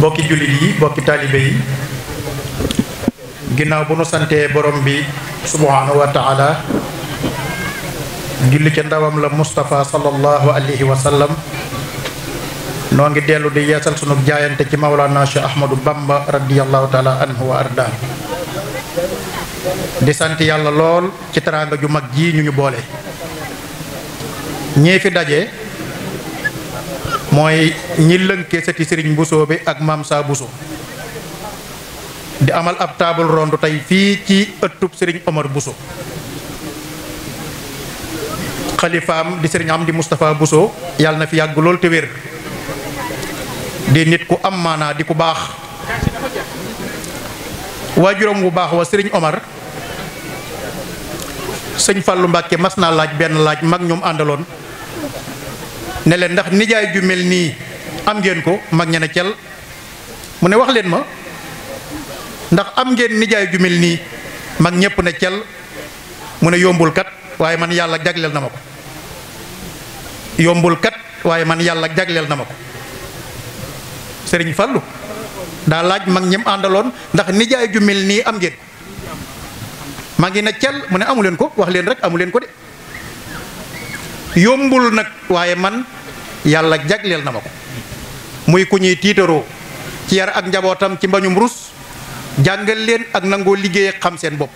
bokki jullit yi bokki taalibe yi ginnaaw bu nu santee borom bi subhaanahu wa taala julli ca ndawam la mustafa sallallahu alayhi wa sallam noo ngi dellu di yeesal sunu jaayante ci Mawlana Cheikh Ahmadou Bamba radiyallahu taala anhu wa di sant yàlla lool ci teraanga ju mag ji ñu ñu boole ñii fi daje mooy ñi lënkee sëti sëriñ Bousso bi ak maam saa Bousso di amal ab table ronde tey fii ci ëttub sëriñ Omar Bousso xalifaam di sëriñ Amdi Moustapha Bousso yàlla na fi yàgg lool te wér di nit ku am maanaa di ku baax waajuram bu baax wa sëriñ Omar sëñ Fallou Mbàkke mas naa laaj benn laaj mag ñoom àndaloon neleen ndax nijaay ju mel nii am ngeen ko mag ña ne cel mu ne wax leen ma ndax am ngeen nijaay ju mel nii mag ñëpp ne cel mu ne yombul kat waaye man yàlla jagleel na ma ko yombul kat waaye man jagleel na ma sëriñ Fallou daa laaj mag ñim àndaloon ndax nijaay ju mel nii am ngeen mag maa ngi ne cel mu ne amu leen ko wax leen rek amu leen ko de yombul nag waaye man yàlla jagleel na ma ko muy ku ñuy tiitaroo ci yar ak njabootam ci mbañum rus jàngal leen ak nangoo liggéey ak xam seen bopp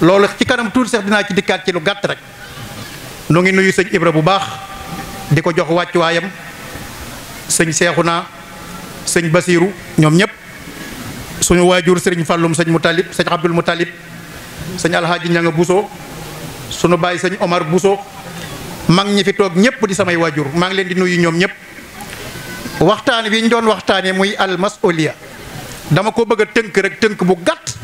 loolu ci kanam tuuti sax dinaa ci dikkaat ci lu gàtt rek nu ngi nuyu sëñ Ibra bu baax di ko jox wàccuwaayam sëñ naa sëñ Basiiru ñoom ñëpp suñu waajur sëriñ Fàllum sëñ Mutalib sëñ Abdul Mutalib sëñ Alhaaji Ñanga Buso suñu bàyyi sëñ Omar Buso mag ñi fi toog ñëpp di samay waajur maa leen di nuyu ñoom ñëpp waxtaan wi ñu doon waxtaanee muy al mas'uliya dama ko bëgg a tënk rek tënk bu gàtt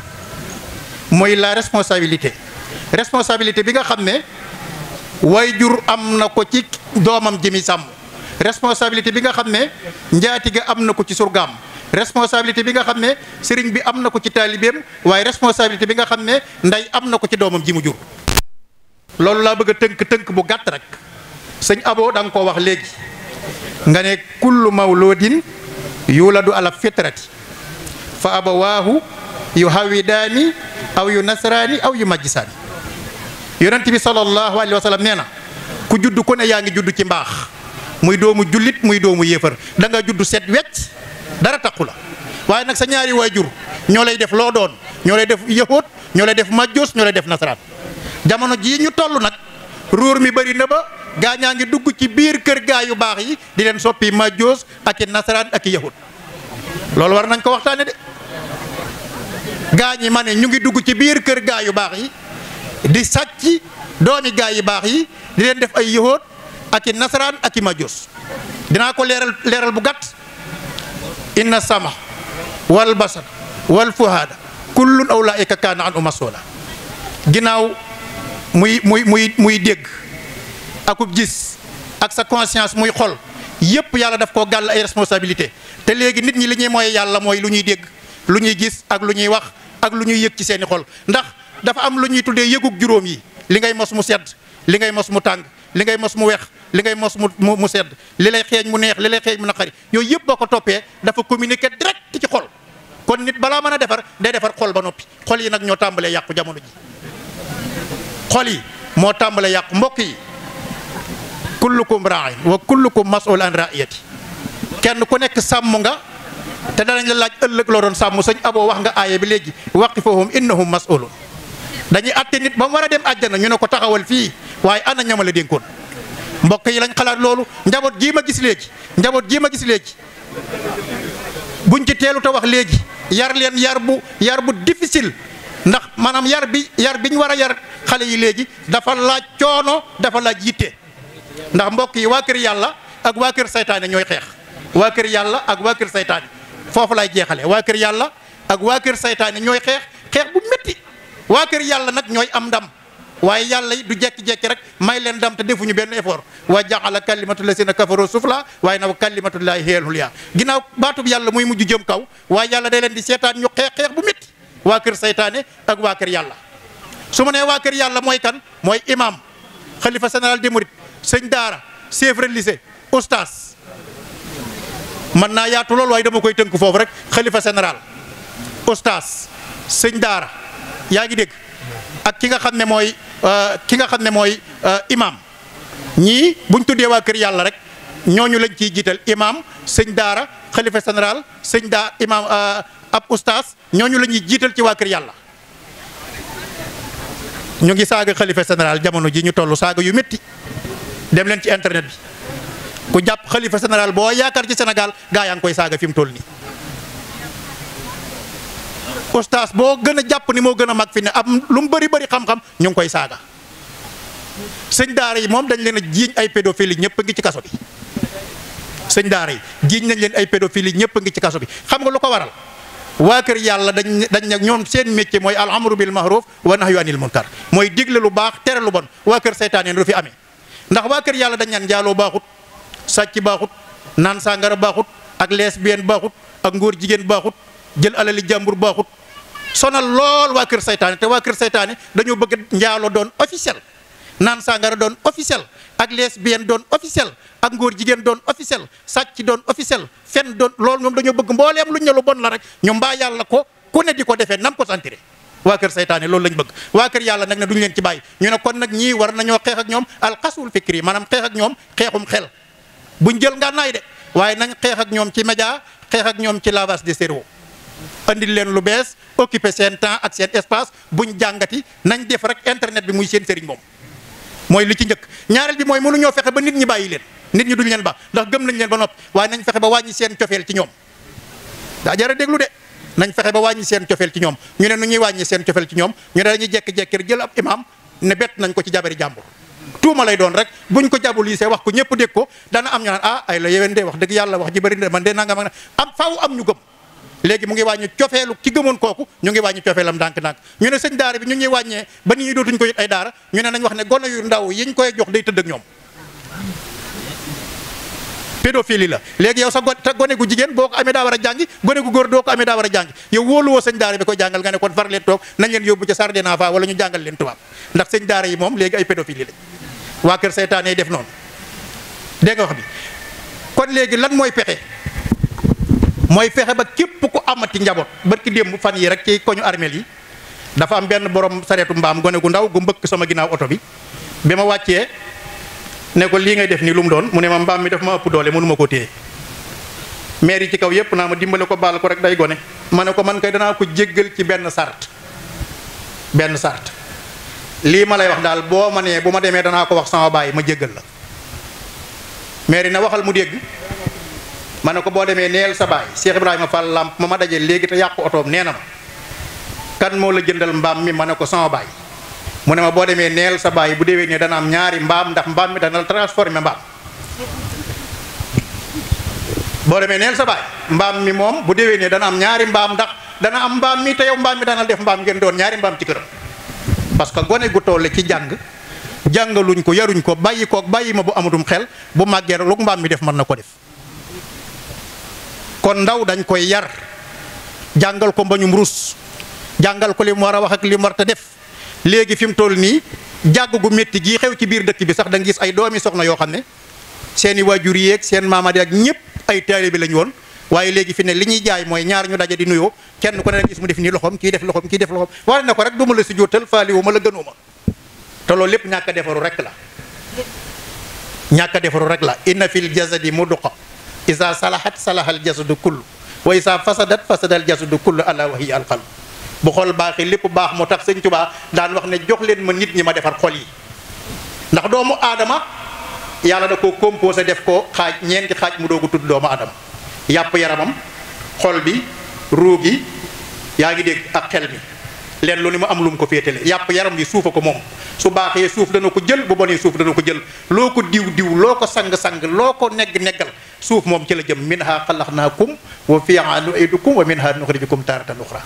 mooy la responsabilité responsabilité bi nga xam ne waajur am na ko ci doomam jëmi sàmm responsabilité bi nga xam ne njaatige am na ko ci surgaam responsabilité bi nga xam ne sëriñ bi am na ko ci taalibeem waaye responsabilité bi nga xam ne ndey am na ko ci doomam ji mu jur loolu laa bëgg a tënk tënk bu gàtt rek sëñ aboo danga nga koo wax léegi nga ne kullu mawludin yuladu ala fitrati fa abawaahu yu hawidaani aw yu nasraani aw yu majjisaani yonent bi sallallahu alayhi wa sallam nee na ku judd ko ne yaa ngi juddu ci mbaax muy doomu jullit muy doomu yéefar da nga judd set wecc dara taqu la waaye nag sa ñaari waajur ñoo lay def loo doon ñoo lay def yahoot ñoo lay def majjoos ñoo lay def nasaraan jamono jii ñu toll nag ruur mi bari na ba gaa ñaa ngi dugg ci biir kër gaa yu baax yi di leen soppi majjoos ak i nasaraan ak i yahud loolu war nañ ko waxtaane de gaa ñi ma ñu ngi dugg ci biir kër gaa yu baax yi di sàcc doomi gaa yu baax yi di leen def ay yahud ak i nasaraan ak i majjoos dinaa ko leeral leeral bu gàtt inna sama wal basar wal fuhaada kullun awlaayka kaana an umasoola ginnaaw muy muy muy muy dégg akub gis ak sa conscience muy xol yépp yàlla daf koo gàll ay responsabilité te léegi nit ñi li ñuy mooy yàlla mooy lu ñuy dégg lu ñuy gis ak lu ñuy wax ak lu ñuy yëg ci seeni xol ndax dafa am lu ñuy tuddee yëgug juróom yi li ngay mos mu sedd li ngay mos tàng li ngay mos mu weex li ngay mos mu mu sedd li lay xeeñ mu neex li lay xeeñ mu naqari yooyu yëpp boo ko toppee dafa communiquer direct ci xol kon nit balaa mën a defar day defar xol ba noppi xol yi nag ñoo tàmbalee yàqu jamono ji xol yi moo tàmbale yàq mbokk yi kullukum raain wa kullukum masul an raiyati kenn ku nekk sàmm nga te danañ la laaj ëllëg loo doon sàmm sëñ aboo wax nga aaya bi léegi waqifuhum innahum masulun dañuy àtte nit ba mu war a dem àjjana ñu ne ko taxawal fii waaye ana ñama la dénkoon mbokk yi lañ xalaat loolu njaboot gii ma gis léegi njaboot gii ma gis léegi buñ ci teelu ta wax léegi yar leen yarbu bu bu difficile ndax maanaam yar bi yar bi ñu war a yar xale yi léegi dafa laaj coono dafa laaj yitte ndax mbokk yi waa kër yàlla ak waa kër seytaane ñooy xeex waa kër yàlla ak waa kër saytaane foofu laay jeexale waa kër yàlla ak waa kër saytaane ñooy xeex xeex bu métti waa kër yàlla nag ñooy am ndam waaye yàlla yi du jekki-jekki rek may leen ndam te defuñu benn effort wa jaala kalimatu lasina kafaru sufla waaye na wa kalimatullahi hiya al-ulya ginnaaw baatub yàlla muy mujj jëm kaw waaye yàlla day leen di seetaan ñu xeex xeex bu métti waa kër seytaane ak waa kër yàlla su ma nee waa kër yàlla mooy kan mooy imam xalifa général des sëñ daara chef religieux oustaz man naa yaatu lool waaye dama koy tënk foofu rek xalifa général oustaz sëñ daara yaa ngi dégg ak ki nga xam ne mooy euh, ki nga xam ne mooy euh, imam ñii buñ tuddee waa kër yàlla rek ñooñu lañ ciy jiital imaam sëñ daara xalifa général sëñ daa imaam euh, ab ustaas ñooñu la ñuy jiital ci waa kër yàlla ñu ngi saaga xalifa général jamono ji ñu toll saaga yu métti dem leen ci internet bi ku jàpp xalifa général boo yaakaar ci senegal gaa yaa ngi koy saaga fi mu toll nii ustaas boo gën a jàpp ni moo gën a mag fi ne am lu mu bëri bari xam-xam ñu ngi koy saaga sëñ daara yi moom dañ leen a jiiñ ay pédophile yi ñëpp ngi ci kaso bi sëñ daara yi jiiñ nañ leen ay pédophile yi ñëpp ngi ci kaso bi xam nga lu ko waral waa kër yàlla dañ dañ ne ñoom seen métier mooy al amru bil mahruf wa nahyu anil munkar mooy digle lu baax tere lu bon waa kër seytaan yi du fi amee ndax waa kër yàlla dañ naan njaaloo baaxut sàcc baaxut naan sàngara baaxut ak lesbienne baaxut ak ngóor jigéen baaxut jël alali jàmbur baaxut sonal lool waa kër seytaane te waa kër seytaane dañoo bëgg njaaloo doon officiel naan sàngara doon officiel ak lesbienne doon officiel ak ngóor jigéen doon officiel sàcc doon officiel fen doon loolu ñoom dañoo bëgg mbooleem luñ ne lu bon la rek ñu mbaa yàlla ko ku ne di ko defee nam ko santire waa kër saytaane loolu lañ bëgg waa kër yàlla nag na duñ leen ci bàyyi ñu ne kon nag ñii war nañoo xeex ak ñoom alxasul fikri maanaam xeex ak ñoom xeexum xel buñ jël ngànnaay de waaye nañ xeex ak ñoom ci média xeex ak ñoom ci lavage de cerveau andil leen lu bees occuper seen temps ak seen jàngati nañ def rek internet bi muy seen sëriñ moom mooy li ci njëkk ñaareel bi mooy mënuñoo fexe ba nit ñi bàyyi leen nit ñi duñ leen baax ndax gëm nañ leen ba noppi waaye nañ fexe ba wàññi seen cofeel ci ñoom daa jara déglu de nañ fexe ba wàññi seen cofeel ci ñoom ñu ne nu ñuy wàññi seen cofeel ci ñoom ñu ne dañuy jekki-jekki rek jël ab imam ne bet nañ ko ci jabari jàmbur tuuma lay doon rek buñ ko jabul yi see wax ko ñëpp dégg ko dana am ñu naan ah ay la yéwén de wax dëgg yàlla wax ji bëri de man de nangam ak am faaw am ñu gëm léegi mu ngi wàññi cofeelu ki gëmoon kooku ñu ngi wàññi cofeelam ndànk-ndànk ñu ne sëñ daara bi ñu ngi wàññee ba nit ñi dootuñ ko yit ay daara ñu ne nañ wax ne gone yu ndaw yiñ koy jox day tëddak ak ñoom pédophilie la léegi yow sa gone gu jigéen boo ko amee daa war a jàngi gone gu góor doo ko amee daa war a jàngi yow wóoluwoo sëñ daara bi ko jàngal nga ne kon far leen toog nañ leen yóbbu ca sardina fa wala ñu jàngal leen tubaab ndax sëñ daara yi moom léegi ay pédophilie lañ waa kër seytaane def noonu dégg nga wax léegi lan mooy pexe mooy fexe ba képp ku amati njaboot ki démb fan yi rek ci koñu armeel yi dafa am benn borom sareetu mbaam gone gu ndaw gu mbëkk sama ginnaaw oto bi bi ma wàccee ne ko lii ngay def nii lu mu doon mu ne ma mbaam mi daf ma ëpp doole mënu ma ko téye maire ci kaw yépp naa ma dimbale ko baal ko rek day gone ma ne ko man kay danaa ko jéggal ci benn sart benn sart lii ma lay wax daal boo ma nee bu ma demee danaa ko wax sama baay ma jéggal la maire yi na waxal mu dégg ma ne ko boo demee neel sa baay Cheikh Ibrahima Fall làmp ma ma dajee léegi te yàqu otoom nee na ma kan moo la jëndal mbaam mi ma ne ko sama baay mu ne ma boo demee neel sa baay bu déwee ne dana am ñaari mbaam ndax mbaam mi dana la transformé boo demee neel sa mbaam mi moom bu déwee nee dana am ñaari mbaam ndax dana am mbaam mi te yow mbaam mi dana def mbaam ngeen doon ñaari mbaam ci këram parce que gone gu toll ci jàng jàngaluñ ko yaruñ ko bàyyi kook bàyyi ma bu amatum xel bu màggee rek lu mbaam mi def mën na ko def kon ndaw dañ koy yar jàngal ko mbañum rus jàngal ko li mu war a wax ak li mu war a def léegi fi mu toll nii jàgg gu metti gii xew ci biir dëkk bi sax danga gis ay doomi soxna yoo xam ne seeni waajur yeeg seen maamadi ak ñëpp ay taalibe lañ woon waaye léegi fi ne li ñuy jaay mooy ñaar ñu daje di nuyoo kenn ko ne dañ gis mu def nii loxoom kii def loxoom kii def loxoom waaye na ko rek duma la si jóotal faaliwu ma la gënuma te loolu lépp ñàkk a defaru rek la ñàkk a defaru rek la inna fil jasadi mudqa isa salahat salahal jasadu kull wa isa fasadat fasadal jasadu kull ala wa hiya al qalb bu xol baaxee lépp baax moo tax sëñ Tuubaa daan wax ne jox leen ma nit ñi ma defar xol yi ndax doomu aadama yàlla da ko composé def ko xaaj ñeenti xaaj mu doogu tudd doomu aadama yàpp yaramam xol bi ruu gi yaa ngi dégg ak xel mi leen lu ni mu am lu mu ko féetale yàpp yaram yi suufa ko moom su baaxee suuf dana ko jël bu bonee suuf dana ko jël loo ko diw diw loo ko sang-sang loo ko negg-neggal suuf moom ci la jëm minha xalaxnaakum wa fiha nuidukum wa minha nuxrijukum taaratan uxra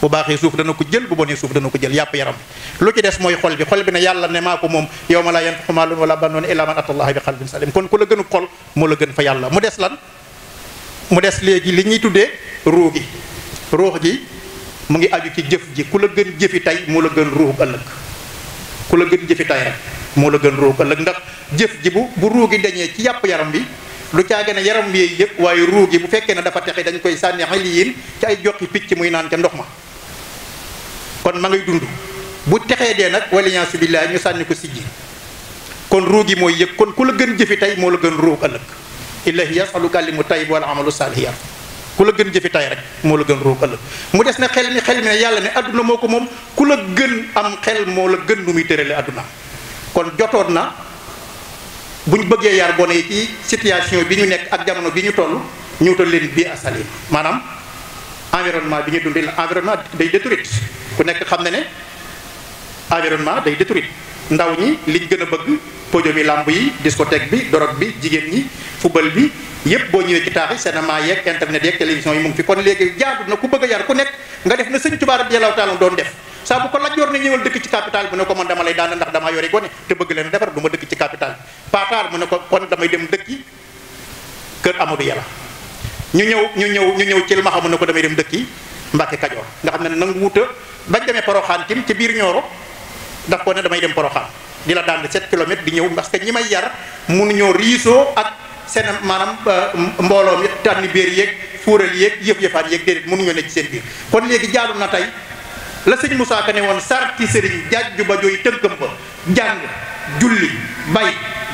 bu baaxee suuf dana ko jël bu bonee suuf dana ko jël yàpp yaram bi lu ci des mooy xol bi xol bi ne yàlla ne maa ko moom yow ma laa yanfa'u maalun wala banuun illaa man atallaaha bi qalbin salim kon ku la gënu xol moo la gën fa yàlla mu des lan mu des léegi li ñuy tuddee ruugi ruux gi mu ngi aju ci jëf ji ku la gën jëfi tey moo la gën ruuxu ëllëg ku la gën jëfi tey moo la gën ruuxu ëllëg ndax jëf ji bu bu ruux gi dañee ci yàpp yaram wi lu caage ne yaram bi yëpp waaye ruux gi bu fekkee ne dafa texe dañu koy sànni xeliin ci ay joxi picc muy naan ca ndox ma kon ma ngay dund bu texee dee nag waliyansu billaahi ñu sànni ko sijji kon ruux gi mooy yëg kon ku la gën jëfi tey moo la gën ruux ëllëg illahi yasalu kàllimu tayyib wal amalu saalihi ku la gën jëfi tay rek moo la gën ruug ëllëg mu des na xel mi xel mi ne yàlla ne àdduna moo ko moom ku la gën am xel moo la gën nu muy tërale adduna kon jotoon na bu ñu bëggee yar gone yi ci situation bi ñu nekk ak jamono bi ñu toll ñuutal leen bii asali maanaam environnement bi ñu dundee environnement day détruit ku nekk xam ne ne environnement day détruit ndaw ñi li gën a bëgg podium yi làmb yi discothèque bi dorog bi jigéen ñi football bi yépp boo ñëwee ci taax yi cinéma yeeg internet yeeg télévision yi mu ngi fi kon léegi jaadu na ku bëgg a yar ku nekk nga def na sëñ Tuubaa radiyallaahu taala doon def saa bu ko lajoor ne ñëwal dëkk ci capital bi ne ko man dama lay daan ndax damaa yore gone te bëgg leen defar du ma dëkk ci capital paataar mu ne ko kon damay dem dëkki kër Amadou Yàlla ñu ñëw ñu ñëw ñu ñëw ci ma mu ne ko damay dem dëkki Mbàkke Kajoor nga xam ne nangu wuta bañ demee Poroxaan tim ci biir Ñooro daf ko ne damay dem Poroxaan di la daan 7 kilomètres di ñëw parce que ñi may yar mënuñoo riisoo ak seen maanaam euh, mbooloo mi tànni béer yeeg fuural yeeg yëpp yëpp yëpp déedéet mënuñoo ne ci seen biir kon léegi jaalu na tey la sëñ Moussa Ka ne woon sarti sëriñ jaajju ba jooy tëggam ba jàng julli bay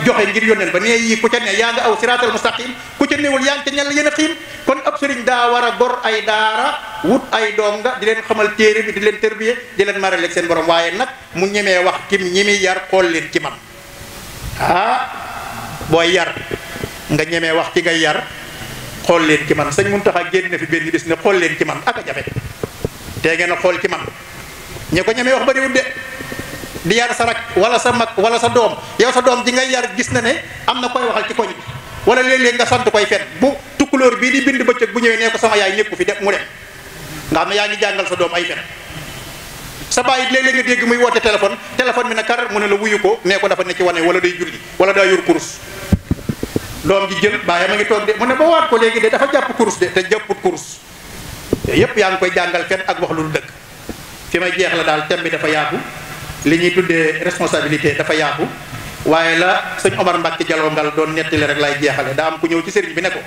joxe ngir yónneel ba nee yi ku ca ne yaa nga aw siraatal mustaqim ku ca néewul yaa ngi ca ñan la a xiim kon ab sëriñ daa war a gor ay daara wut ay donga di leen xamal téere bi di leen tërbiye di leen maraleeg seen borom waaye nag mu ñemee wax kim ñi muy yar xool leen ci man ah booy yar nga ñemee wax ci ngay yar xool leen ci man sëñ Muntaxa génn na fi benn bis ne xool leen ci man ak a jafe te ngeen a xool ci man ñe ko ñemee wax bariwul de di yar sa rak wala sa mag wala sa doom yow sa doom ji ngay yar gis na ne am na koy waxal ci koñ wala léeg-léeg nga sant koy fet bu tukkulóor bii di bind bëccëg bu ñëwee nee ko sama yaay nekku fi dem mu dem nga xam ne yaa ngi jàngal sa doom ay fet sa bàyyi léeg-léeg nga dégg muy woote téléphone téléphone bi na kar mu ne la wuyu ko nee ko dafa ne ci wane wala day julli wala daa yor kurus doom di jël bàyyam a ngi toog de mu ne ba waat ko léegi de dafa jàpp kurus de te jàpput kurus yépp yaa ngi koy jàngal fen ak wax lu dëgg fi ma jeex la daal thème bi dafa yaatu li ñuy tuddee responsabilité dafa yaatu waaye la sëñ Omar Mbacke Jaloo ngal doon nettali rek lay jeexale daa am ku ñëw ci sëriñ bi ne ko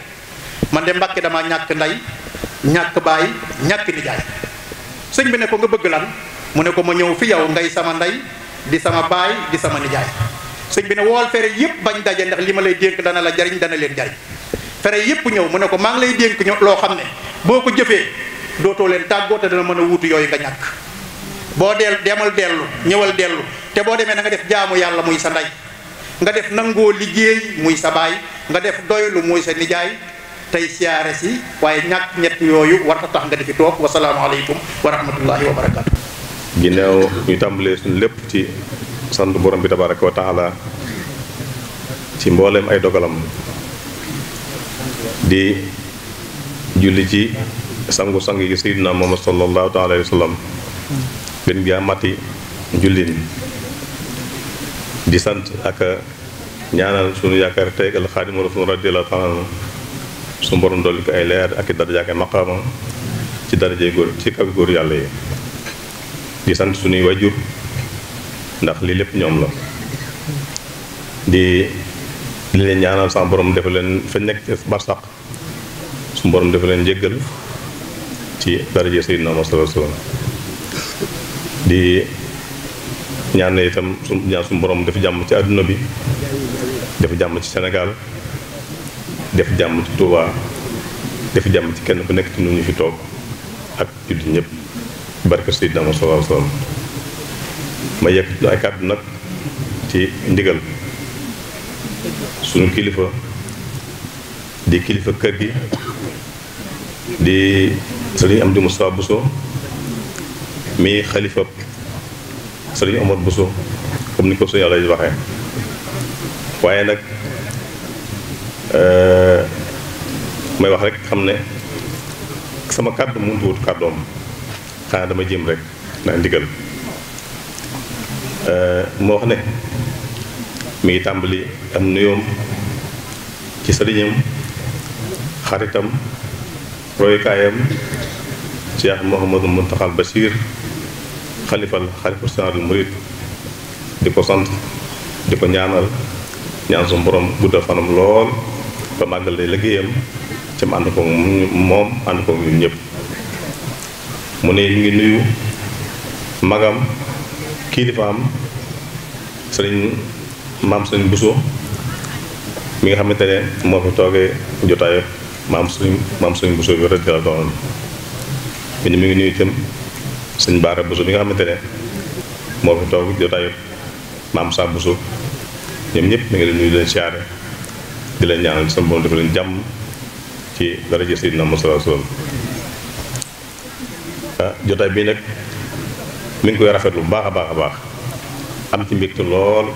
man de mbàkki damaa ñàkk nday ñàkk baay ñàkk nijaay sëñ bi ne ko nga bëgg lan mu ne ko ma ñëw fi yow ngay sama nday di sama baay di sama nijaay sëñ bi ne wool fere yëpp bañ daje ndax li ma lay dénk dana la jariñ dana leen jariñ fere yëpp ñëw mu ne ko maa ngi lay dénk ño loo xam ne boo ko jëfee dootoo leen tàggoo te dana mën a wuutu yooyu nga ñàkk boo dellu demal dellu ñëwal dellu te boo demee na nga def jaamu yàlla muy sa nday nga def nangoo liggéey muy sa baay nga def doylu muy sa nijaay tey siyaare si waaye ñàkk ñett yooyu warta tax nga di fi toog wasalaamaaleykum wa rahmatullahi wa barakaatu. ginnaaw ñu tàmbalee suñu lépp ci sant borom bi tabaraka wa taala ci mbooleem ay dogalam di julli ci sangu-sang yi sayyidina Muhammad sallallahu taala alayhi wa sallam gën gi amati julli di sant ak ñaanal suñu yaakaar tey ak Xaadimu Rasuul radiyallaahu taala anhu suñu borom dolli ko ay leer ak i daraja ak ci daraje góor ci kaw góor yàlla yi di sant suñuy wajur ndax lii lépp ñoom la di li leen ñaanal sax borom defa leen fa nekk barsax suñu borom defa leen jéggal ci daraje Seydina Muhammad sallallaahu alayhi wa sallam ñaan na itam su ñaan suñu borom def jàmm ci àdduna bi def jàmm ci Sénégal def jàmm ci Touba def jàmm ci kenn ku nekk ci ñu fi toog ak jullit ñëpp barke Seydina ci ndigal suñu kilifa di kilifa kër gi di Sëriñ Amdi xalifa sëriñ Omar buso comme ni ko suñu àlla waaye nag euh, may wax rek xam ne sama kàdd mënut wut kàddoom xanaa dama jéem rek ndax ndigal euh, moo wax ne mi ngi tàmbali am nuyoom ci sëriñam xaritam royukaayam Cheikh Mouhamadou Mountakhal Bachir xalifa la xalifa général di ko sant di ko ñaanal ñaan suñu borom guddal fanam lool ba màggal day liggéeyam ci mu ànd ko moom ànd ko ñun ñëpp mu ne ñu ngi nuyu magam kilifaam sëriñ maam sëriñ Bousso mi nga xamante ne moo fi toogee jotaayu maam sëriñ maam sëriñ buso bi rëdd la doon mu ne mi ngi nuyu itam sëñ Baara Bousso bi nga xamante ne moo fi toog jotaayu maam Saa Bousso ñoom ñëpp mu ngi leen nuyu leen siyaare di leen ñaanal sama borom dafa leen jàmm ci dara ji Seydina Muhammad sallallahu alayhi wasallam ah, jotaay bi nag mu ngi koy rafet lu baax a baax a baax am ci mbégte lool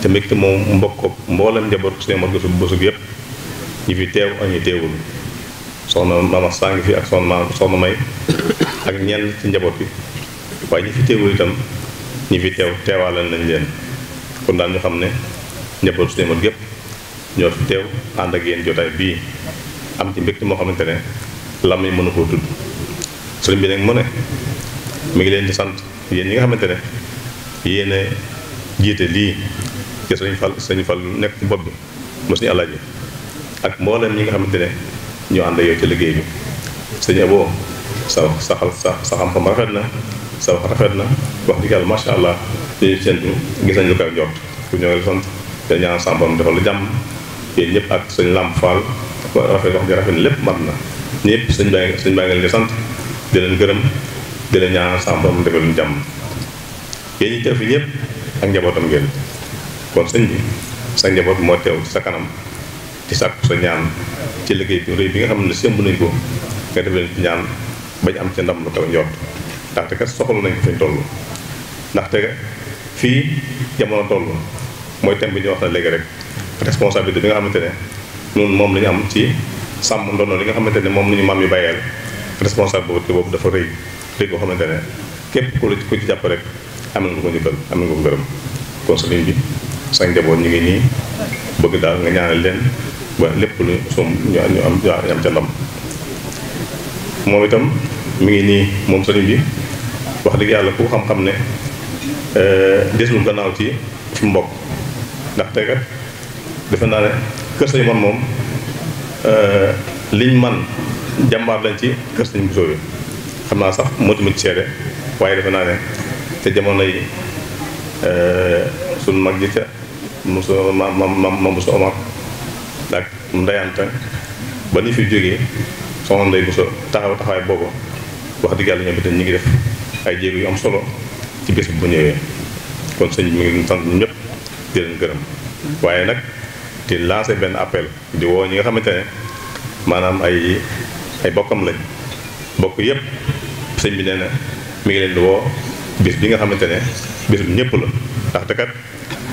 te mbégte moom mbokk mboolem njabootu sëñ Mor Bousso Bousso yëpp ñi fi teew ak ñi teewul soxna Mama Saa ngi fi ak soxna Soxna May ak ñenn ci njaboot yi waaye ñi fi teewul itam ñi fi teew teewaalal lañ leen kon daal ñoo xam ne njaboot su demoon gépp ñoo teew ànd ak yéen jotaay bii am ci mbégte moo xamante ne lam yi mënu koo tudd sëriñ bi nag mu ne mu ngi leen di sant yéen ñi nga xamante ne yéen a jiite lii ci sëriñ Fall sëriñ Fall nekk ci bopp bi mu suñu alaaji ak mboolem ñi nga xamante ne ñoo ànd ak yow ci liggéey bi sëriñ Abo sa sa sa sa xam-xam rafet na sa wax rafet na wax dëgg yàlla macha allah ci seen bi gis nañ lu koy jot ku ñëw sant te ñaan sama borom defal la jàmm yéen ak sëñ Lamp Fall rafet wax ji rafet na lépp mat na ñëpp sëñ baa ngi sëñ baa ngi leen sant di leen gërëm di leen ñaan sama borom defal leen jàmm yéen ñi teew fi ñëpp ak njabootam ngeen kon sëñ bi sa njaboot moo tew ci sa kanam ci sàkku sa ñaan ci liggéey bi rëy bi nga xam ne sëmb nañ ko nga def leen ñaan bañ am ca ndam lu kawe njort ndaxte kat soxla nañ fañ toll ndaxte fii jamono toll mooy thème bi ñu wax na léegi rek responsabilité bi nga xamante ne ñun moom la ñu am ci sàmm ndono li nga xamante ne moom la ñu maam yi bàyyeel responsabilité boobu dafa rëy rëy boo xamante ne képp ku la ku ci jàpp rek am na nga ko njëkkal am na nga ko gërëm kon sëriñ bi sa njaboot ñu ngi nii bëgg daal nga ñaanal leen ba lépp lu ñu sum ñu am ñu am ca ndam moom itam mi ngi nii moom sëriñ bi wax dëgg yàlla ku xam-xam ne euh, desul gannaaw ci ci mbokk ndax tey kat defe naa ne kër sëñ man moom euh, liñ man jàmbaar lañ ci kër sëñ Bousso bi xam naa sax moo ci seede waaye defe naa ne te jamono euh, yi suñ mag ji ca mosu ma ma ma ma mosu Omar ak ndeyante ba ni fi jógee soxna Ndeye Bousso taxaw taxawaay boobu wax dëgg yàlla ñoom itam ñu ngi def ay jéego yu am solo ci bés bu ñëwee kon sëñ bi mi ngi ñëpp di leen gërëm waaye nag di benn appel di woo ñi nga xamante ne maanaam ay ay bokkam lañ bokk yëpp sëñ bi nee na mu ngi leen di woo bis bi nga xamante ne bés bu ñëpp la ndax te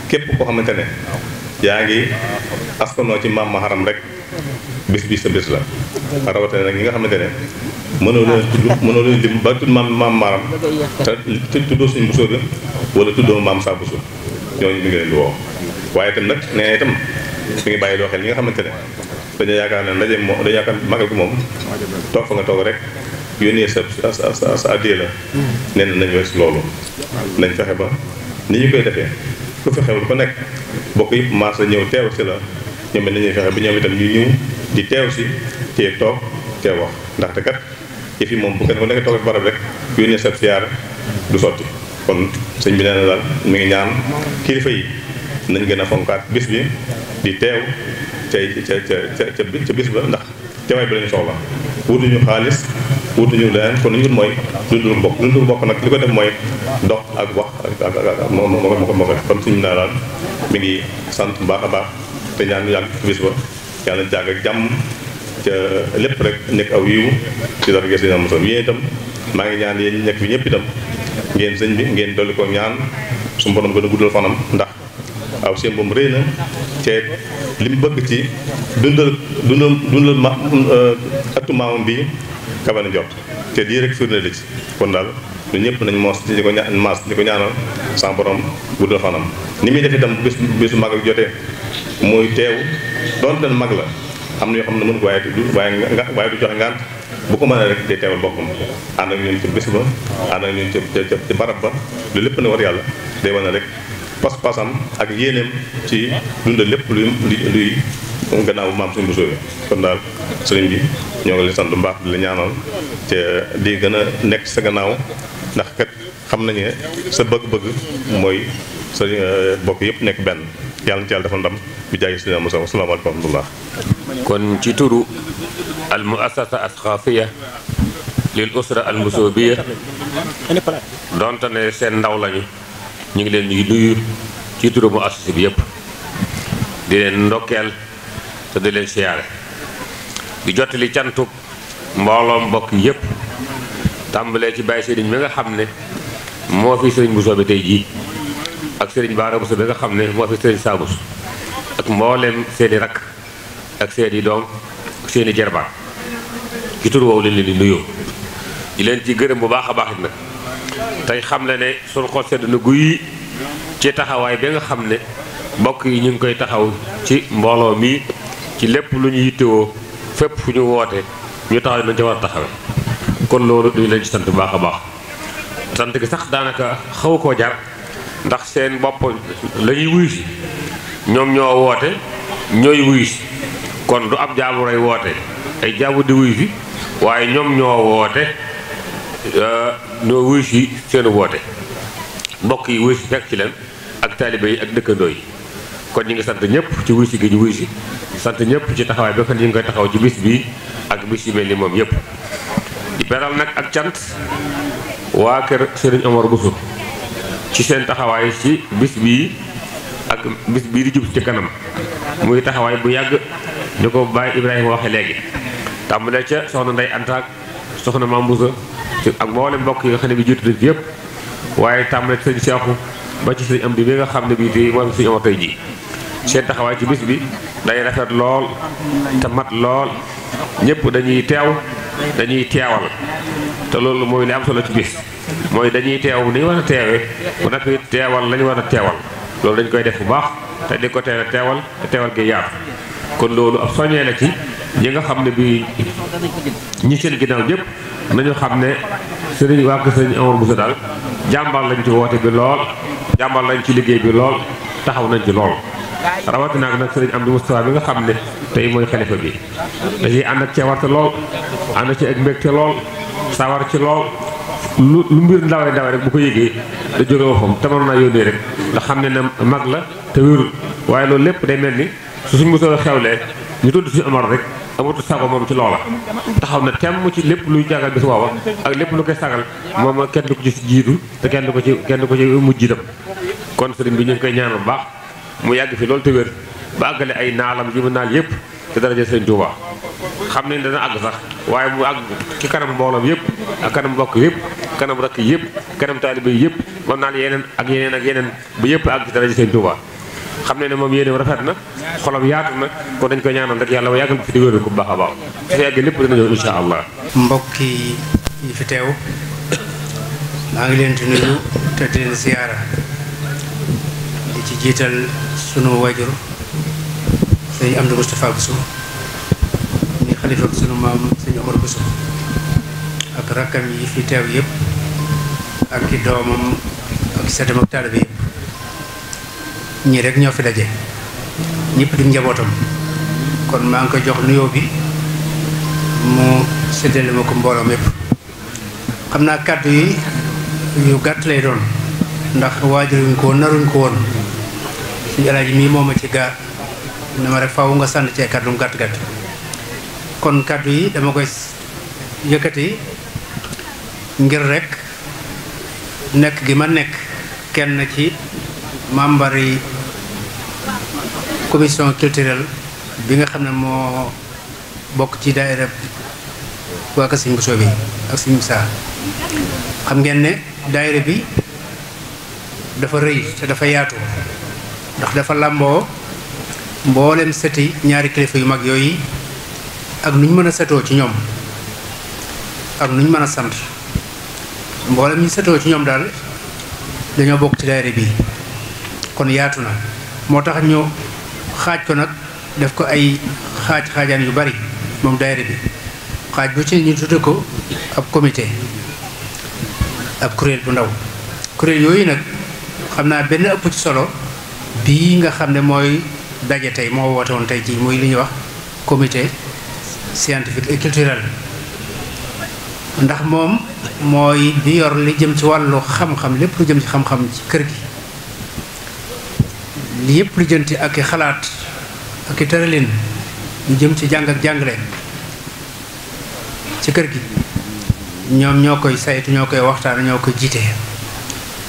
képp koo xamante ne yaa ngi askanoo ci maam ma xaram rek bés bi sa bés la rawatina nag ñi nga xamante ne mënoo leen tudd mënoo leen lim ba tudd maam maam maaram te tuddoo suñu busoo bi wala tuddoo maam saa busoo ñooñu mi ngi waaye itam nag na itam mi ngi bàyyi loo xel ñi nga xamante ne dañoo yaakaar ne ndaje moom dañoo yaakaar magal ko moom toog fa nga toog rek yónnee sa sa sa sa addiya la nee na nañu wees loolu nañ fexe ba ni ñu koy defee ku fi xew lu ko nekk bokk maas la ñëw teew si la ñoom it nañuy fexe ba ñoom itam ñu ñëw di teew si téye toog teew wax ndaxte kat ci yi moom bu kenn ku nekk toog barab rek yónnee sa siyaar du sotti kon sëñ bi nee na daal mi ngi ñaan kilifa yi nañ gën a fonkaat bis bi di teew tey ca ca ca ca bis ba ndax teewaay bi lañu soxla wutuñu xaalis wutuñu leneen kon nañu wut mooy lu dul mbokk lu dul mbokk nag li ko def mooy dox ak wax ak ak moo moo moo ko kon suñu naa daal mi ngi sant bu baax a baax te ñaan ñu yàgg bis ba yàlla jàng jàmm ca lépp rek nekk aw yiw ci daraja Seydina Muhammad yéen tam maa ngi ñaan yéen ñi nekk fi ñëpp itam ngeen sëñ bi ngeen dolli ko ñaan suñu borom gën a guddal fanam ndax aw seen moom rëy na ceeb li mu bëgg ci dundal dundal dundal ma euh, ëttu maamam bi kawe na lii rek firnde la ci kon daal ñëpp nañ moos di ko ñaan maas di ko ñaanal sama borom guddal fanam ni muy def itam bis bisu mag ak jotee muy teew doonte mag la am na yoo xam ne mënu ko waaye du waaye nga waaye du joxe ngant bu ko mënee rek day teewal boppam ànd ak ñun ca bés ba ànd ak ñun ca ca barab ba lu lépp na war yàlla day wane rek pas-pasam ak yéeneem ci lépp luy luy gannaaw maam suñu bu sooyee kon daal ñoo ngi lay sant baax la ñaanal te di gën a nekk sa gannaaw ndax kat xam nañu sa bëgg-bëgg mooy sa euh, bokk yëpp nekk benn yàlla na ci yàlla dafa ndam bi jaay si dina la a wasalaamaaleykum wa rahmatullah kon ci turu al muassasa asxaafiya lil usra al musobiya donte ne seen ndaw lañu ñu ngi leen di nuyu ci turu mu assasi bi yëpp di leen ndokkeel te di leen siyaare di jottali cantuk mbooloom mbokk yëpp tàmbalee ci bàyyi sëriñ bi nga xam ne moo fi sëriñ Bousso bi tey jii ak sëriñ Baara Bousso bi nga xam ne moo fi sëriñ Saabus ak mbooleem seeni rakk ak seet yi doom ak seen i jarbaat ci tur woowu nuyoo di leen ci gërëm bu baax a baax it nag tey xam la ne sunu xol sedd na guy ci taxawaay bi nga xam ne mbokk yi ñu ngi koy taxaw ci mbooloo mi ci lépp lu ñu yittewoo fépp fu ñu woote ñu taxaw nañ ca war a kon loolu duñu leen ci sant bu baax a baax sant gi sax daanaka xaw ko jar ndax seen bopp la ñuy ñoom ñoo woote ñooy wuyu si kon du ab jaaburay woote ay jaabu di wuy fi waaye ñoom ñoo woote euh, ñoo wuy si seenu woote mbokk yi wuy si fekk ci leen ak taalibe yi ak dëkkandoo yi kon ñu ngi sant ñëpp ci wuy si gi ñu wuy si sant ñëpp ci taxawaay bi kon ñu ngi taxaw ci bis bi ak bis yu mel ni moom yëpp di nag ak cant waa kër Serigne Omar Bousso ci seen taxawaay ci bis bii bis bii di jub ci kanam muy taxawaay bu yàgg ñu ko bàyyi Ibrahima waxe léegi tàmbalee ca soxna Ndey Anta ak soxna Mambusa ak mboolem mbokk yi nga xam ne bi jiitu yëpp waaye tàmbalee ci sëñ Seexu ba ci sëñ am di bi nga xam ne bii tey moom suñu amoon tey ji seen taxawaay ci bis bi day rafet lool te mat lool ñëpp dañuy teew dañuy teewal te loolu mooy li am solo ci bis mooy dañuy teew ni ñu war a teewee bu nag teewal la ñu war a teewal loolu dañ koy def bu baax te di ko teel teewal te teewal gi yaatu kon loolu ab soññee la ci ñi nga xam ne bi ñi seen ginnaaw ñëpp nañu xam ne sëriñ waa kër sëriñ Omar Bousso daal jàmbaar lañ ci woote bi lool jàmbaar lañ ci liggéey bi lool taxaw nañ ci lool rawatina ak nag sëriñ Amdi Moustapha bi nga xam ne tey mooy xalifa bi dañuy ànd ak ceewarte lool ànd ci ak mbégte lool sawar ci lool lu mbir ndawee ndawee rek bu ko yëgee da jóge waxam te mënoon naa yónnee rek ndax xam ne ne mag la te wérul waaye loolu lépp day mel ni su suñ mosoo xewlee ñu tudd suñu Omar rek amatu sago moom ci loola taxaw na temm ci lépp luy jàngal bis waawa ak lépp lu koy sagal moom kenn ko ci jiitu te kenn du ko ci kenn du ko ci mujj itam kon sëriñ bi ñu ngi koy ñaan bu baax mu yàgg fi loolu te wér ba àggale ay naalam yi mu naal yëpp ci daraja seen Touba xam ne dana àgg sax waaye mu àgg ci kanam mbooloom yëpp ak kanam mbokk yëpp kanam rakk yëpp kanam taalibe yëpp mën naa yeneen ak yeneen ak yeneen bu yëpp àgg ci daraja sëñ Touba xam ne ne moom yéeneem rafet na xolam yaatu na kon dañ koy ñaanal rek yàlla wa yàggal ko fi di wéeru ko bu baax a baax su yàggee lépp dana ñëw insha allah mbokk yi fi teew maa ngi leen di nuyu te di ziyaara di ci jiital sunu wajur sëñ am Moustapha Bousso ni xalifa ak sunu maam sëñ Omar Bousso ak rakkam yi fi teew yëpp ak i doomam ak setam ak taalibe yëpp ñii rek ñoo fi daje ñëpp di njabootam kon maa ngi ko jox nuyoo bi mu séddale ma ko mbooloom yëpp xam naa kàddu yi yu gàtt lay doon ndax waajaruñ ko naruñ ko woon suñu alaaji mii moom a ci gaar ne ma rek faw nga sànni cee kàddu mu gàtt gàtt kon kàddu yi dama koy yëkkati ngir rek nekk gi ma nekk kenn ci membre yi commission culturelle bi nga xam ne moo bokk ci daayira waa Kër Sëñ Bousso bi ak Sëñ Moussa xam ngeen ne daayira bi dafa rëy te dafa yaatu ndax dafa làmboo mboolem seti ñaari kilifa yu mag yooyu ak nuñ mën a setoo ci ñoom ak nuñ mën a sant mboolem ñu setoo ci ñoom daal dañoo bokk ci daayira bi kon yaatu na moo tax ñu xaaj ko nag def ko ay xaaj xaajaan yu bari moom daayira bi xaaj bu ci ñu tudde ko ab comité ab kuréel bu ndaw kuréel yooyu nag xam naa benn ëpp ci solo bii nga xam ne mooy daje tey moo woote woon tey jii muy li ñuy wax comité scientifique et culturel ndax moom mooy bi yor li jëm ci wàllu xam-xam lépp lu jëm ci xam-xam ci kër gi li yëpp lu jënti ak i xalaat ak i tëralin ñu jëm ci jàng ak jàngale ci kër gi ñoom ñoo koy saytu ñoo koy waxtaan ñoo koy jiite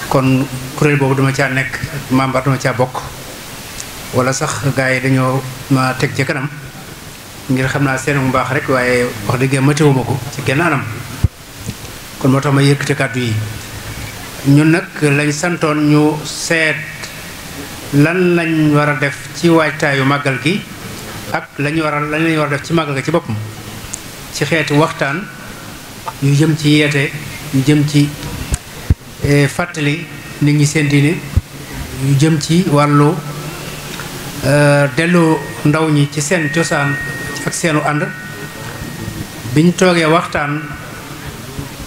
kon kuréel boobu dama caa nekk membre dama caa bokk wala sax gars yi dañoo ma teg ci kanam ngir xam naa seen bu baax rek waaye wax dëgg matewuma ko ci kenn anam kon moo tax ma yëkkati kàddu yi ñun nag lañ santoon ñu seet lan lañ war a def ci waajtaayu màggal gi ak lañu waral lañ lañ war def ci màggal gi ci boppam ci xeeti waxtaan yu jëm ci yeete yu jëm ci eh, fàttali nit ñi seen diine yu jëm ci wàllu Euh, delloo ndaw ñi ci seen cosaan ak seenu ànd biñ toogee waxtaan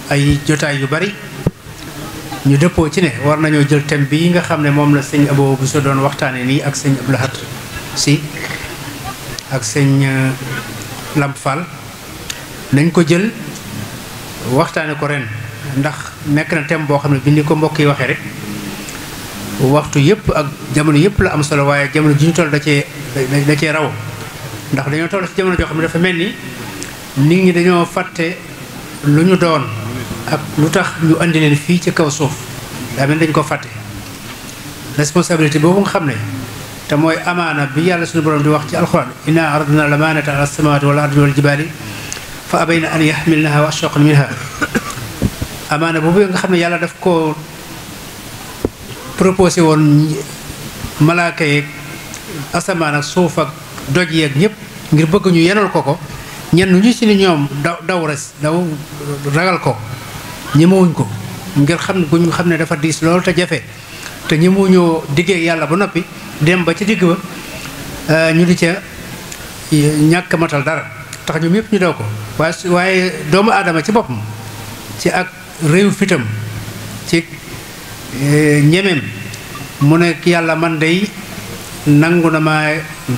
ay jotaay yu bari ñu dëppoo ci ne war nañoo jël thème bii nga xam ne moom la sëñ Abo bu sa doon waxtaane nii ak sëñ Abdou Lahad si ak sëñ euh, Lamp Fall nañ ko jël waxtaane ko ren ndax nekk na thème boo xam ne bi ni ko mbokk yi waxee rek waxtu yëpp ak jamono yëpp la am solo waaye jamono ji ñu toll da cee da cee raw ndax dañoo toll ci jamono joo xam ne dafa mel ni nit ñi dañoo fàtte lu ñu doon ak lu tax ñu indi leen fii ci kaw suuf daa mel dañ ko fàtte responsabilité boobu nga xam ne te mooy amaana bi yàlla suñu borom di wax ci alxuraan inna aradna lamanata ala samawati wal ardi wal jibali fa abayna an yaxmilnaha wa ashfaqna minha amaana boobu nga xam ne yàlla daf ko proposé woon malaaka yeeg asamaan ak suuf ak doj yeeg ñëpp ngir bëgg ñu yenal ko ko ñenn ñu si ni ñoom daw daw res daw ragal ko ñemewuñ ko ngir xam ñu xam ne dafa diis lool te jafe te ñemewuñoo diggee yàlla ba noppi dem ba ci digg ba euh, ñu di ca ñàkk matal dara tax ñoom yëpp ñu daw ko waaye waaye doomu aadama ci boppam ci ak réew fitam ci Eh, ñemem mu nekk yàlla man dey nangu na ma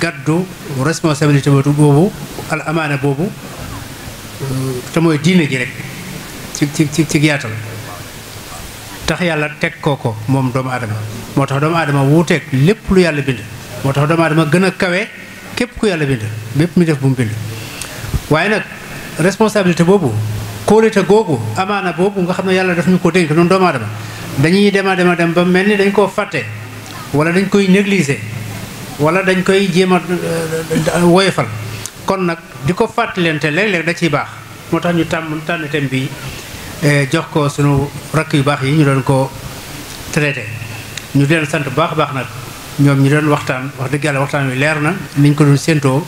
gàddu responsabilité boobu al amaana boobu te mooy diine ji rek ci ci ci yaatal tax yàlla teg koo ko moom doomu aadama moo tax doomu aadama wuuteeg lépp lu yàlla bind moo tax doomu aadama gën a kawe képp ku yàlla bind bépp mi def bu mu bind waaye nag responsabilité boobu kóolite googu amaana boobu nga xam ne yàlla daf ñu ko dénk noonu doomu aadama dañuy dema dema dem ba mel ni dañ koo fàtte wala dañ koy négliger wala dañ koy jéem a euh, woyofal kon nag di ko fàttali leen te léeg-léeg da ciy baax moo tax ñu tàmm tànn thème bi euh, jox ko sunu rakk yu baax yi ñu doon ko traité ñu leen sant bu baax baax nag ñoom ñu doon waxtaan wax dëgg yàlla waxtaan wi leer na niñ ko doon séentoo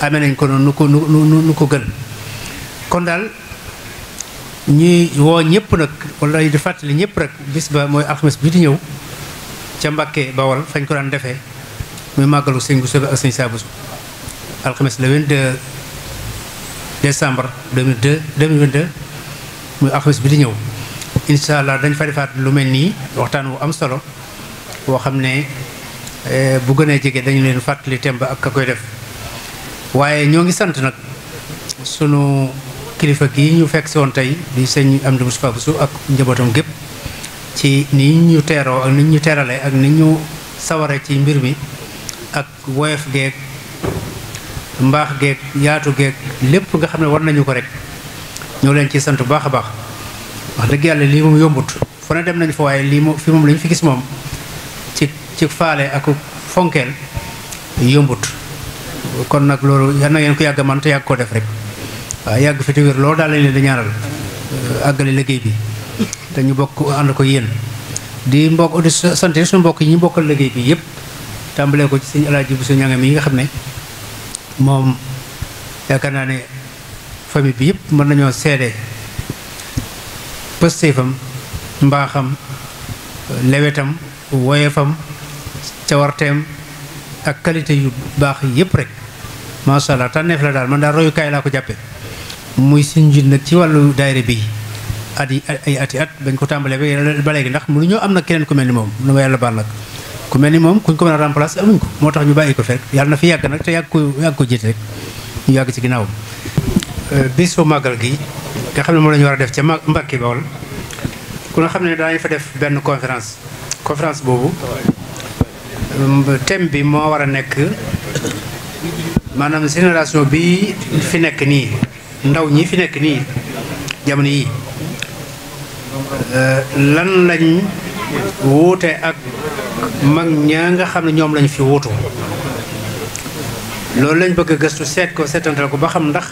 amee nañ ko noonu nu ko nu nu ko gën kon daal ñuy woo ñëpp nag wala di fàttali ñëpp rek bis ba mooy alxames bi di ñëw ca Mbàkke Bawol fañ ko daan defee muy màggalu sëñ bu soobee ak sëñ Saa Buso alxames le 22 muy alxames bi di ñëw incha allah dañ fa defaat lu mel nii waxtaan wu am solo boo xam ne eh, bu gënee jege dañu leen fàttali temb ak ka koy def waaye ñoo ngi sant nag sunu. kilifa gi ñu fekk si woon tey di sëñ Amdi Moustapha Bousso ak njabootam gépp ci ni ñu teeroo ak ni ñu teeralee ak ni ñu saware ci mbir mi ak woyof geeg mbaax geeg yaatu geeg lépp nga xam ne war nañu ko rek ñoo leen ci sant bu baax a baax wax dëgg yàlla lii moom yombut fu ne dem nañ fa waaye lii moom fi moom ñu fi gis moom ci ci faale ak fonkeel yombut kon nag loolu yal na ngeen ko yàgg man yàgg koo def rek waaw yàgg fi wér loolu daal lañ leen di ñaanal euh, àggale liggéey bi dañu bokk ànd ko yéen di mbokk di sant suñu mbokk yi ñu bokkal liggéey bi yëpp tàmbalee ko ci sëñ alaaji bu su ñangam yi nga xam ne moom yaakaar naa ne famille bi yëpp mën nañoo seede pëstéefam mbaaxam lewetam woyefam cawarteem ak qualité yu baax yëpp rek macha allah tànneef la daal man daal royukaay laa ko jàppee muy suñ njiit nag ci wàllu daayira bi at yi ay at yi at bañ ko tàmbalee ba ba léegi ndax mënuñoo am nag keneen ku mel ni moom nu ma yàlla baal nag ku mel ni moom kuñ ko mën a remplacer amuñ ko moo tax ñu bàyyi ko fekk yàlla fi yàgg nag te yàgg ko ko jiite rek ñu yàgg ci ginnaaw euh, bisu màggal gi nga xam ne moom la ñu war a def ca Mbàkke Bawol ku nga xam ne daañu fa def benn conférence conférence boobu thème bi moo war a nekk maanaam génération bi fi nekk nii ndaw ñi fi nekk nii jamono yi euh, lan lañ wuute ak mag ñaa nga xam ne ñoom lañu fi wuutu loolu lañ bëgg a gëstu seet ko seetantal ko ba xam ndax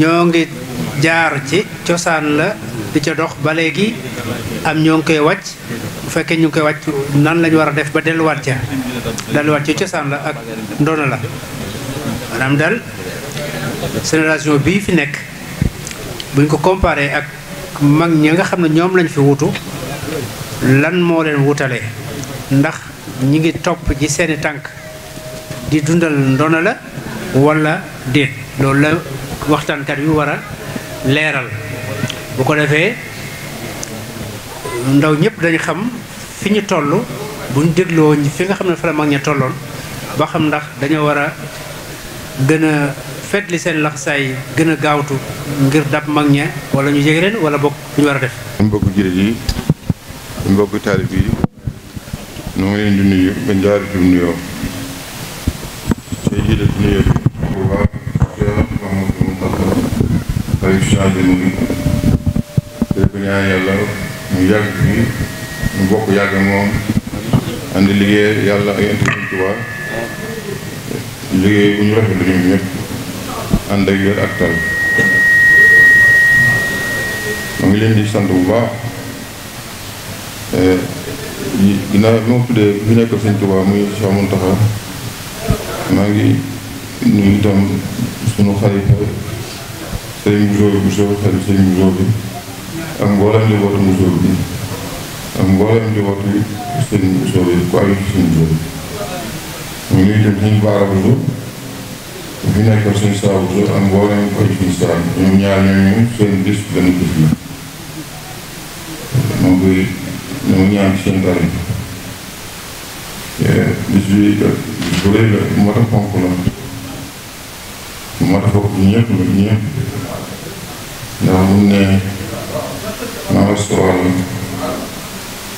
ñoo ngi jaar ci cosaan la di ca dox ba léegi am ñoo ngi koy wàcc bu fekkee ñu ngi koy wacc nan lañ war a def ba delluwaat ca delluwaat ci cosaan la ak ndono la maanaam daal génération bii fi nekk buñ ko comparé ak mag ñi nga xam ne ñoom lañ fi wutu lan moo leen wutale ndax ñi ngi topp ci seeni tànk di dundal ndono la walla déet loolu la waxtaankat yu war a leeral bu ko defee ndaw ñëpp dañu xam fi ñu toll buñ dégloo fi nga xam ne fa la mag ña tolloon ba xam ndax dañoo war a gën fet li seen laxsaay gën a gaawtu ngir dab mag ña wala ñu jege leen wala bokk ñu war a def. mbokku jullit yi mbokku taalib yi di nuyu ba njaaru di nuyoo te jiite di yàlla mu yàgg bi mu bokk yàgg moom andi liggéey yàlla ak yonent liggéey bu ñu rafetlu ñun ñëpp ànd ak wér ak tal ma ngi leen di sant bu baax eh, ginnaaw bi tuddee fi nekk sëñ Tuubaa muy Cheikh Mountakha maa ngi nuyu itam sunu xalifa sëriñ Mbusoobe Mbusoobe xalifa sëriñ Mbusoobe ak mboolem di wootu Mbusoobe bi ak mboolem di wootu sëriñ Mbusoobe ku aju ci sëriñ Mbusoobe mu ngi nuyu itam sëriñ Baara Mbusoobe fi nekkoon suñu saabu su am mboolem ko ci suñu saabu ñoom ñaar ñooñu seen gis gën a gis la moo koy ñoo ñaan ci seen tari bis bi bis bu rëy la moo tax fonk la moo tax fokk ñëpp la ñëpp ndax mun ne maa suwal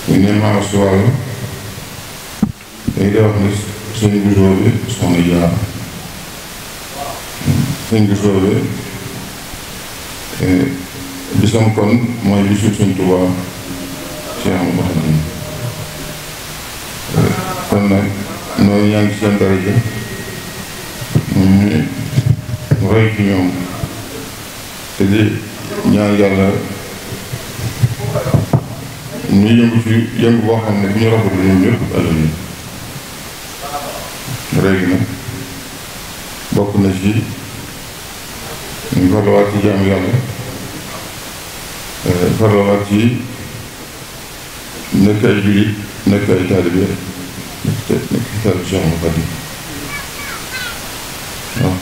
ñu ne maa suwal day wax ne sëñ bi soobee euh, bisam kon mooy bisu sëñ Tuubaa Cheikh Mouhamed Mbaye kon nag noonu yaa ngi seen daraja ñu roy ci ñoom te di ñaan yàlla ñu yëngu ci yëngu boo xam ne bu ñu rafetlu ñoom ñëpp àll bi léegi nag bokk na ci. ñu farluwaat ci jaamu yàlla eh, farluwaat ci nekk ay jullit nekk ay taalibe nekk ci taalibe Cheikh Mouhamed waaw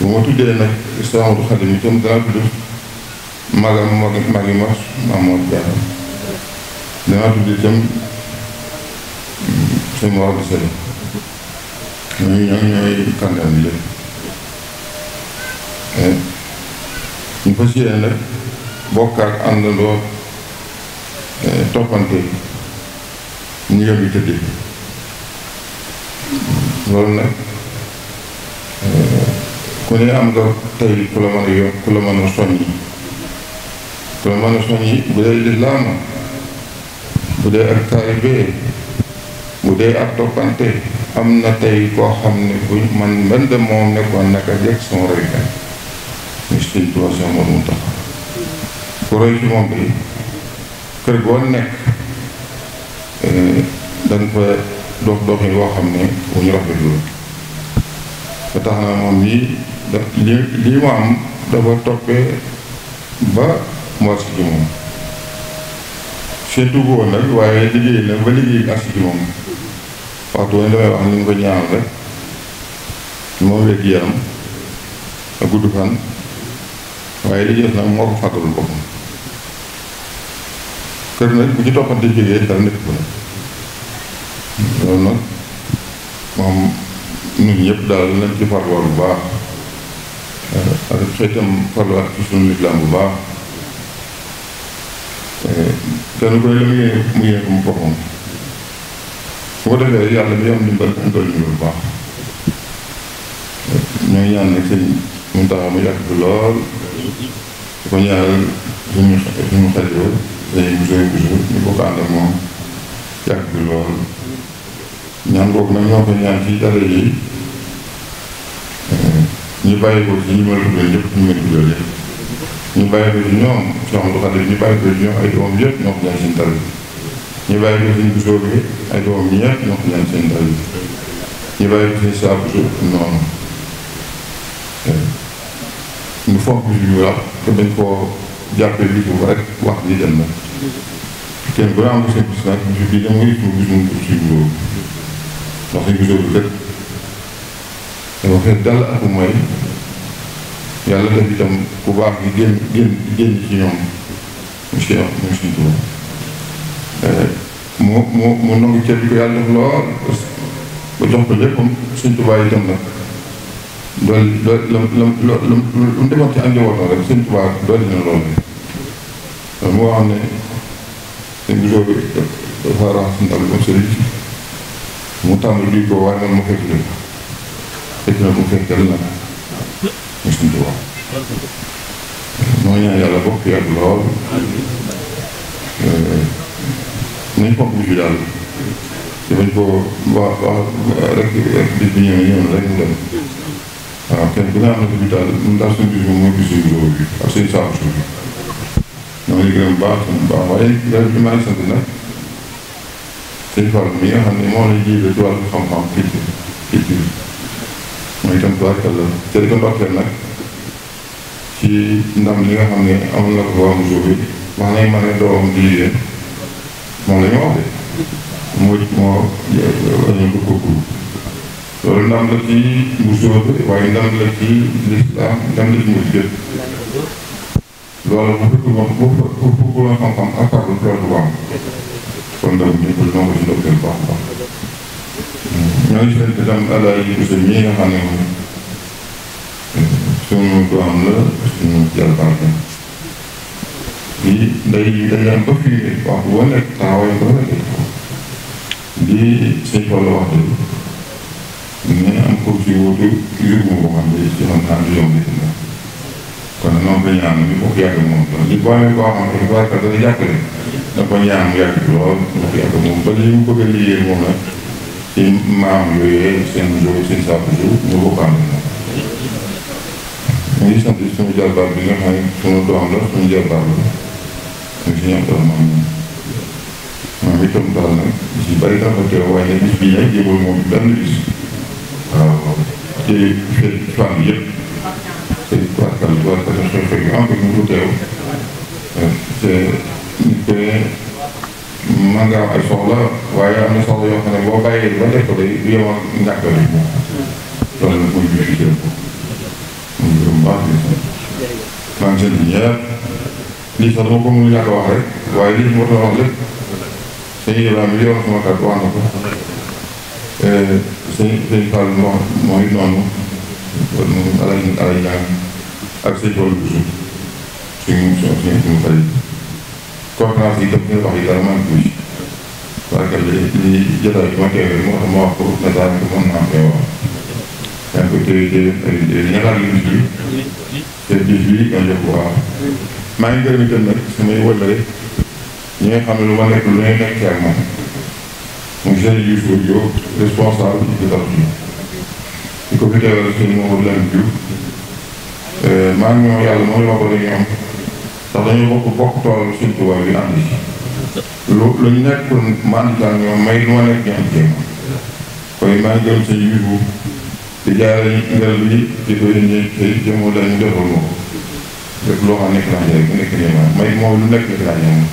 bu ma tuddee nag Cheikh Mouhamed Khadim itam danaa tudd magam mag magi ma Mamour Diarra danaa tudd itam mm, sëñ Mor Abdou Salim ñooñu ñooy kàndam lépp ñu fas yéene nag bokk ak àndandoo eh, toppante ñu yoon bi tëddee loolu nag eh, ku ne am nga tey ku la mën yoon ku la mën a soññi ku la mën a soññi bu dee lislaam bu dee ak taalibe bu dee ak toppante am na tey koo xam ne bu man mën de moom nekkoon naka jëkk sama royukaay muy sëriñ Tuubaa Seex Moodu Muntaxa ku ci moom bi kër goo nekk eh, danga fa dox doxin woo xam ne wu ñu rafetlu la ba tax na moom lii da lii lii am dafa toppee ba mu agsi moom seetu woon nag waaye liggéey na ba liggéey agsi ci moom waxtu woon damay wax ni mu ko ñaanal rek moom wér-gi-yaram a gudd fan waaye li jëf nag moo ko fàggalul boppam kër nag bu ci toppante jógee dara nekk bu nag moom ñun ñëpp daal nañ ci farluwaat bu baax euh, ak xeetam farluwaat ci suñu lislaam bu baax euh, kenn koy la mu yéene mu boppam bu defee yàlla mi am ndimbal ndimbal ñu bu baax ñooy ñaan nag sëñ mu taxaw yàgg fi lool di ko ñaanal suñu suñu xajoo day musee bisu ñu bokk ànd ak moom yàgg bi lool ñaan boobu nag ñoo ko ñaan ci dara yi eh, ñu bàyyi ko ci ñu mën a tuddee ñëpp ñu a tuddee ñu bàyyi ko ci ñoom soxna du xale ñu bàyyi ko ci ñoom ay doom yëpp ñoo ko ñaan seen dara ñu ñu bàyyi ko ci saabu noonu eh. fonk li ñuy wax te bañ koo jàppee liggéey ba rek wax ji dem na. kenn bu am seen gis nag monsieur bii dama yëg gis moom pour suñu loolu ndax suñu gisoo lu dëkk dama dal ak mooy yàlla def itam ku baax gi génn génn génn ci ñoom monsieur monsieur suñu loolu. Eh, mu mu mu nangu ceeb bi ko yàlla def lool ba jox ko léppam suñ tubaab yi dem nag. dool dool lam lam loo lu mu defoon ci ak njabootam rek suñ na loolu bi moo xam ne suñ bi loolu dafa rax suñ am sëriñ mu tàmbali duy ko waaye man mu fekk li fekk na mu fekk la mu suñ tubaab moo ñaan yàlla bokk yàgg lool eh, nañ pomp bi daal te bañ ko wax wax rek bis bi ñëwee ñëw rek mu dem waaw kenn ku ne am na ko daal ndax suñu gis moom mooy gis suñu loolu bi ak suñu saako suuf bi ñoo ngi gërëm baax suñu baax waaye daal bi maa ngi sant nag sëñ nga xam ne moo lay jiite ci wàllu la te di nag ci ndam li nga xam ne am na ko waa Moussa bi wax ma ne doomam di jigéen moom la ñu wax de moo ko kooku loolu ndam la ci musóor bi waaye ndam la ci lislaam ndam la ci mu jël loolu bu fekkul woon bu fekkul woon xam-xam ak farlu loolu du ko am kon donc ñu ngi koy ci ndokkeel baax a baax ñooy sant itam alaaji Buso mi nga xam ne suñu doom la suñu jalbaat la lii day day am ba fii wax bu nekk taxawaay ba nekk di sëñ Fallu wax ne am ko ci wutu ngir mu ko xam ne ci xam naa du yomb ci kon noonu la ñaan ñu ko yàgg moom la ñu boole koo xam ne barka dana jàppale da ko ñaan mu yàgg lool mu ko yàgg moom ba li mu bëgg a liggéey moom la ci maam yooyu seen loolu seen sàpp ji ñu ko xam ne ñu ngi sant suñu jarbaat bi nga xam ne suñu doom la suñu jarbaat la ñu si ñoom daal moom moom itam daal nag si bari dafa teew waaye bis bi nag yëgul moom benn bis te kër fànn yëpp te waxtaan bi waxtaan bi xew-xew yu am ñu ko teew te te mën ngaa am ay soxla waaye am na soxla yoo xam ne ko day du yemoon ñàkk bi moom loolu nag mooy ñu fi jëm ko ñu gërëm baax di sant maa ngi sant ñëpp lii sax dama ko mën li wax sama kàddu wax na ko sëñ sëñ Fall moo mooy noonu kon alay alay ñaan ak sëñ Fall bu suuf suñu suñu suñu xarit conférence yi daf ñu wax yi dara man ko ci parce que li li jotaay bi ma teewee moo tax ma wax ko ne daanaka mën naa koy wax yaa ngi koy téye téye téye ñaataal yu bis bi te bis bi nga jox waaw maa ngi gërëm itam nag samay wëllare ñi nga xam ne lu ma nekk lu ngay nekk ak moom monsieur Youssou Diop responsable ci dëkk bi di ko fi teewal suñu Mamadou Lamine Diouf euh, maa ngi ñoom yàlla mooy ma ko la ñoom ndax dañoo bokk bokk tool suñu tubaab yi ànd ci lu lu ñu nekk ko lépp loo xam nekk naa nekk nañ ma may lu nekk nekk naa ñoom.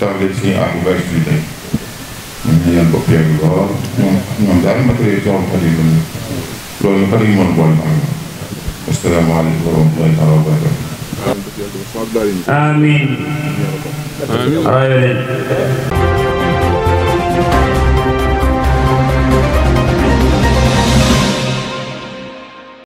tax na ci suñu ànd bu bari suñu tey. ñun ñu leen bokkee lool ñoom ñoom daal matériel ci waxam xarit lañu loolu nag xarit moom boole am na asalaamaaleykum wa rahmatullahi taala wa barakatu amiin amiin